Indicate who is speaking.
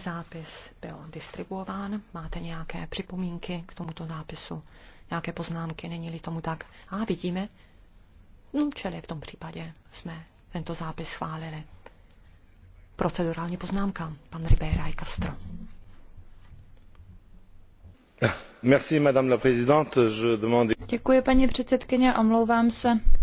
Speaker 1: Zápis byl distribuován. Máte nějaké připomínky k tomuto zápisu? Nějaké poznámky? Není-li tomu tak? A vidíme. No, čili v tom případě jsme tento zápis chválili. Procedurální poznámka. Pan Ribeira i Castro.
Speaker 2: Děkuji, paní předsedkyně, omlouvám se